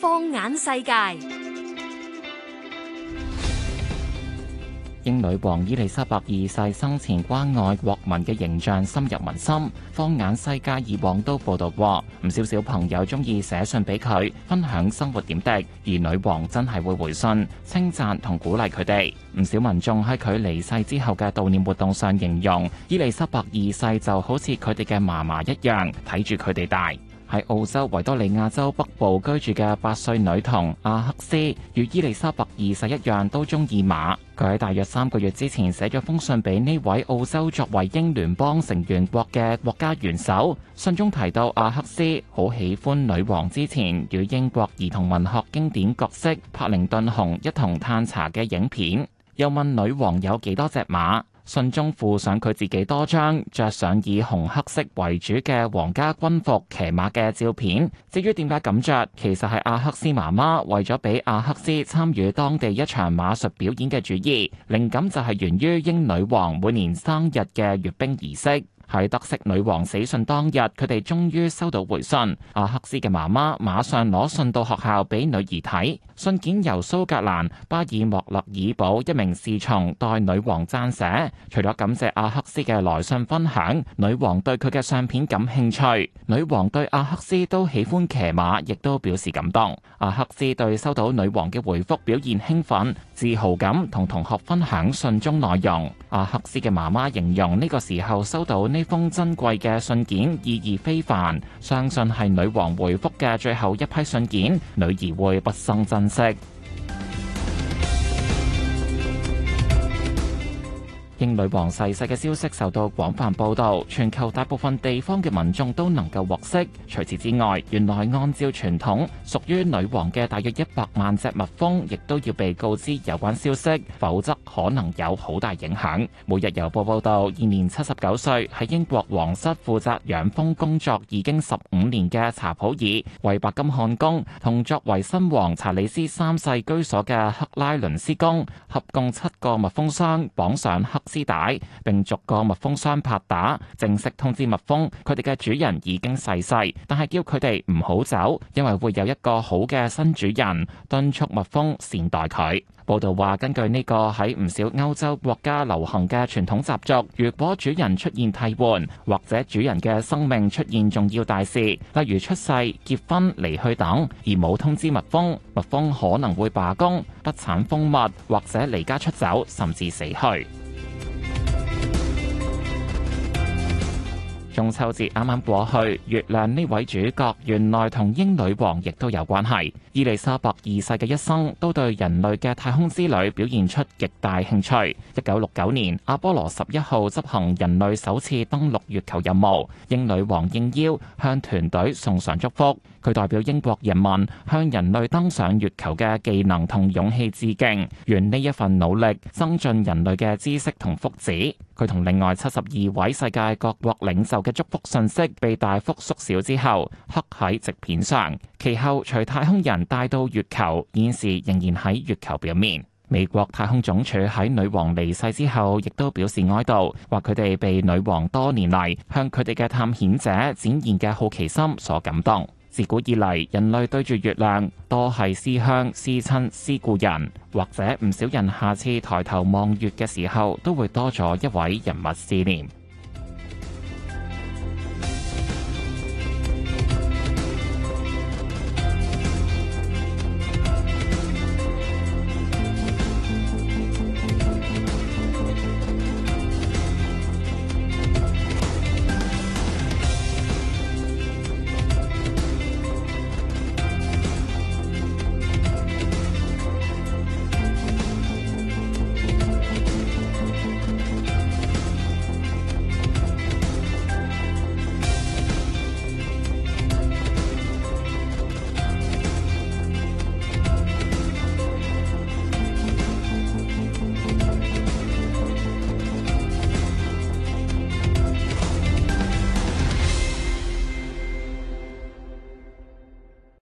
放眼世界。英女王伊利沙伯二世生前關愛國民嘅形象深入民心。《放眼世界》以往都報道過唔少小朋友中意寫信俾佢，分享生活點滴，而女王真係會回信，稱讚同鼓勵佢哋。唔少民眾喺佢離世之後嘅悼念活動上形容，伊利沙伯二世就好似佢哋嘅媽媽一樣，睇住佢哋大。喺澳洲維多利亞州北部居住嘅八歲女童阿克斯，與伊利沙伯二世一樣都鍾意馬。佢喺大約三個月之前寫咗封信俾呢位澳洲作為英聯邦成員國嘅國家元首，信中提到阿克斯好喜歡女王之前與英國兒童文學經典角色柏靈頓熊一同探查嘅影片，又問女王有幾多隻馬。信中附上佢自己多張着上以紅黑色為主嘅皇家軍服騎馬嘅照片。至於點解咁着，其實係阿克斯媽媽為咗俾阿克斯參與當地一場馬術表演嘅主意，靈感就係源於英女王每年生日嘅閱兵儀式。喺得悉女王死訊當日，佢哋終於收到回信。阿克斯嘅媽媽馬上攞信到學校俾女兒睇。信件由蘇格蘭巴爾莫勒爾堡一名侍從代女王撰寫，除咗感謝阿克斯嘅來信分享，女王對佢嘅相片感興趣。女王對阿克斯都喜歡騎馬，亦都表示感動。阿克斯對收到女王嘅回覆表現興奮、自豪感，同同學分享信中內容。阿克斯嘅媽媽形容呢個時候收到呢。呢封珍貴嘅信件意義非凡，相信係女王回覆嘅最後一批信件，女兒會畢生珍惜。英女王逝世嘅消息受到廣泛報導，全球大部分地方嘅民眾都能夠獲悉。除此之外，原來按照傳統，屬於女王嘅大約一百萬隻蜜蜂亦都要被告知有關消息，否則可能有好大影響。每日郵報報導，現年七十九歲，喺英國皇室負責養蜂工作已經十五年嘅查普爾，為白金漢宮同作為新王查理斯三世居所嘅克拉倫斯宮合共七個蜜蜂箱綁上黑絲帶，並逐個蜜蜂箱拍打，正式通知蜜蜂，佢哋嘅主人已經逝世，但係叫佢哋唔好走，因為會有一個好嘅新主人敦促蜜蜂善待佢。報道話，根據呢個喺唔少歐洲國家流行嘅傳統習俗，如果主人出現替換或者主人嘅生命出現重要大事，例如出世、結婚、離去等，而冇通知蜜蜂，蜜蜂可能會罷工、不產蜂蜜，或者離家出走，甚至死去。中秋節啱啱過去，月亮呢位主角原來同英女王亦都有關係。伊利沙伯二世嘅一生都對人類嘅太空之旅表現出極大興趣。一九六九年，阿波羅十一號執行人類首次登陸月球任務，英女王應邀向團隊送上祝福。佢代表英國人民向人類登上月球嘅技能同勇氣致敬，願呢一份努力增進人類嘅知識同福祉。佢同另外七十二位世界各國領袖嘅祝福信息被大幅縮小之後，刻喺矽片上。其後，隨太空人帶到月球，現時仍然喺月球表面。美國太空總署喺女王離世之後，亦都表示哀悼，話佢哋被女王多年嚟向佢哋嘅探險者展現嘅好奇心所感動。自古以嚟，人類對住月亮，多係思鄉、思親、思故人，或者唔少人下次抬頭望月嘅時候，都會多咗一位人物思念。